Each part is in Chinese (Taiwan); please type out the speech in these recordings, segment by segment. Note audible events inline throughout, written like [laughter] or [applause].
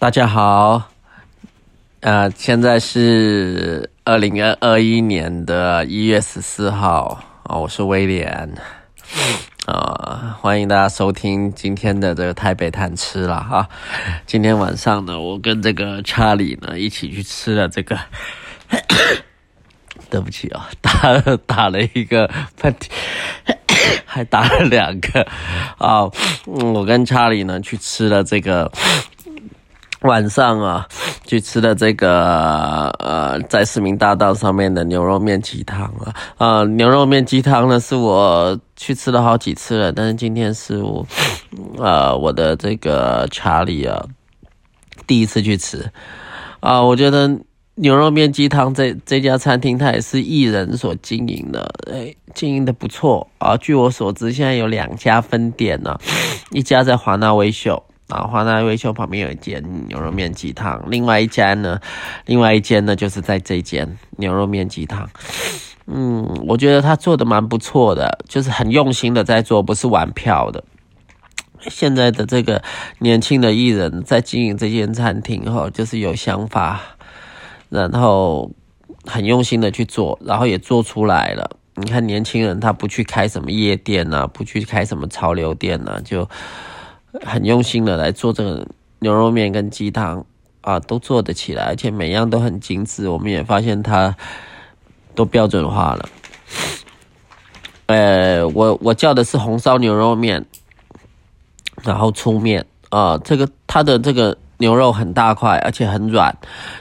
大家好，呃，現在是二零二一年的一月十四號啊、哦，我是威廉，啊、呃，歡迎大家收聽今天的這個台北談吃了哈、啊。今天晚上呢，我跟這個查理呢一起去吃了這個， [coughs] 對不起啊、哦，打了打了一個噴嚏，還打了兩個啊，我跟查理呢去吃了這個。晚上啊，去吃了這個呃，在市民大道上面的牛肉面雞湯啊，呃，牛肉面雞湯呢是我去吃了好幾次了，但是今天是我，呃，我的這個查理啊，第一次去吃啊、呃，我覺得牛肉面雞湯這這家餐廳它也是藝人所經營的，哎，經營的不錯啊，據我所知，現在有兩家分店呢、啊，一家在華納威秀。然後華納威秀旁邊有一間牛肉麵雞湯，另外一家呢，另外一間呢就是在這間牛肉麵雞湯。嗯，我覺得他做的蠻不錯的，就是很用心的在做，不是玩票的。現在的這個年輕的藝人，在經營這間餐廳吼，就是有想法，然後很用心的去做，然後也做出來了。你看年輕人，他不去開什麼夜店啊，不去開什麼潮流店啊，就。很用心的來做這個牛肉麵跟雞湯啊，都做得起來，而且每樣都很精緻。我們也發現它都標準化了。呃，我我叫的是紅燒牛肉麵，然後粗麵啊、呃，這個它的這個牛肉很大塊，而且很軟。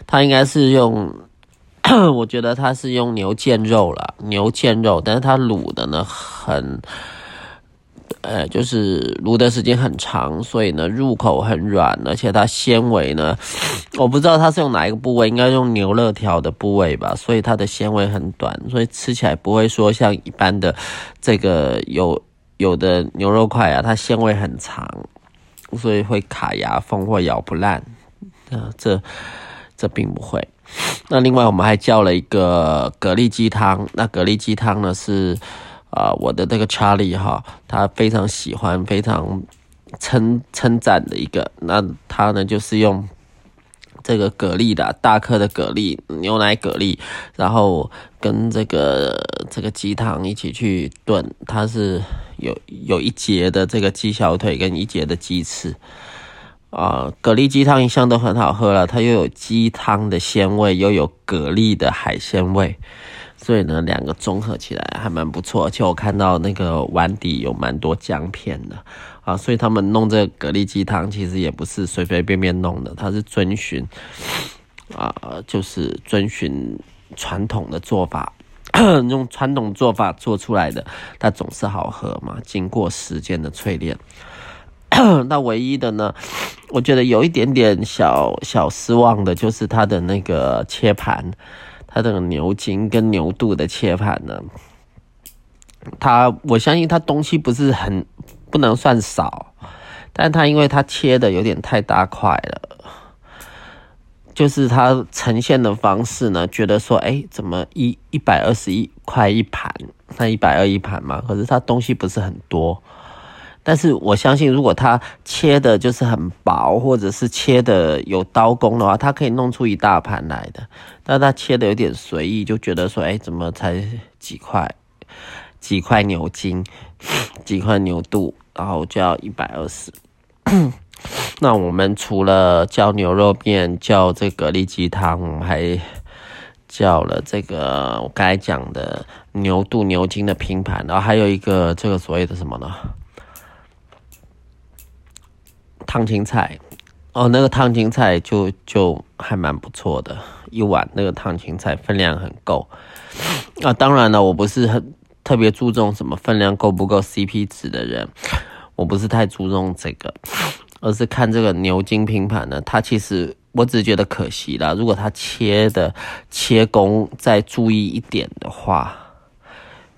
它應該是用， [coughs] 我覺得它是用牛腱肉了，牛腱肉，但是它滷的呢很。呃、哎，就是滷的時間很長，所以呢，入口很軟，而且它纖維呢，我不知道它是用哪一個部位，應該用牛肋條的部位吧，所以它的纖維很短，所以吃起來不會說像一般的這個有有的牛肉塊啊，它纖維很長，所以會卡牙縫或咬不爛。那這這並不會。那另外我們還叫了一個蛤蜊雞湯，那蛤蜊雞湯呢是。啊、呃，我的這個查理哈，他非常喜歡，非常稱稱讚的一個。那他呢，就是用這個蛤蜊的，大顆的蛤蜊，牛奶蛤蜊，然後跟這個這個雞湯一起去燉。它是有有一節的這個雞小腿跟一節的雞翅。啊、呃，蛤蜊雞湯一向都很好喝了，它又有雞湯的鮮味，又有蛤蜊的海鮮味，所以呢，兩個綜合起來還蠻不錯。而且我看到那個碗底有蠻多薑片的，啊、呃，所以他們弄這個蛤蜊雞湯其實也不是隨隨便便弄的，它是遵循，啊、呃，就是遵循傳統的做法， [coughs] 用傳統做法做出來的，它總是好喝嘛。經過時間的淬煉，那 [coughs] 唯一的呢？我覺得有一點點小小失望的，就是它的那個切盤，它的牛筋跟牛肚的切盤呢，它我相信它東西不是很不能算少，但它因為它切的有點太大塊了，就是它呈現的方式呢，覺得說，哎，怎麼一一百二十一塊一盤，那一百二一盤嘛，可是它東西不是很多。但是我相信，如果它切的就是很薄，或者是切的有刀工的話，它可以弄出一大盤來的。但它切的有點隨意，就覺得說，哎、欸，怎麼才幾塊？幾塊牛筋，幾塊牛肚，然後就要一百二十。那我們除了叫牛肉麵、叫這蛤蜊雞湯，我們還叫了這個我剛才講的牛肚牛筋的拼盤，然後還有一個這個所謂的什麼呢？燙青菜，哦，那個燙青菜就就還蠻不錯的，一碗那個燙青菜分量很夠。啊，當然了，我不是很特別注重什麼分量夠不夠 CP 值的人，我不是太注重這個，而是看這個牛筋拼盤呢。它其實我只是覺得可惜啦，如果它切的切工再注意一點的話，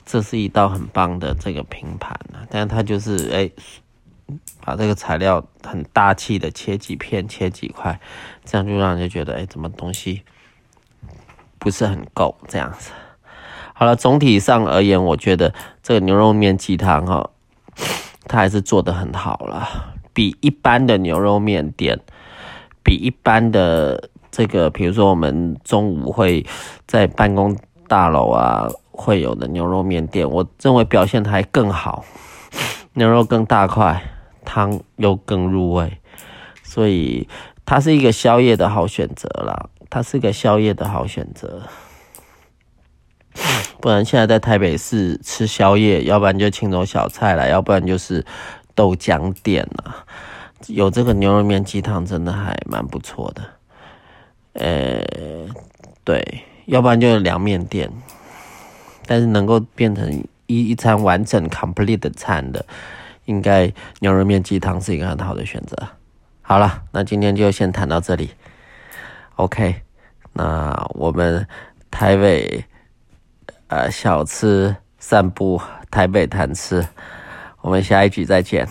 這是一道很棒的這個拼盤，但它就是哎。欸把這個材料很大氣的切幾片、切幾塊，這樣就讓人就覺得，哎、欸，怎麼東西不是很夠這樣子。好了，總體上而言，我覺得這個牛肉麵雞湯哈，它還是做得很好了，比一般的牛肉麵店，比一般的這個，比如說我們中午會在辦公大樓啊會有的牛肉麵店，我認為表現還更好，牛肉更大塊。湯又更入味，所以它是一個宵夜的好選擇啦，它是一個宵夜的好選擇。嗯，不然現在在台北市吃宵夜，要不然就清粥小菜啦，要不然就是豆漿店啦、啊、有這個牛肉麵雞湯，真的還蠻不錯的。呃、欸，對，要不然就是涼麵店，但是能夠變成一一餐完整 complete 的餐的。應該牛肉麵雞湯是一個很好的選擇。好了，那今天就先談到這裡。OK，那我們台北呃小吃散步，台北談吃，我們下一集再見。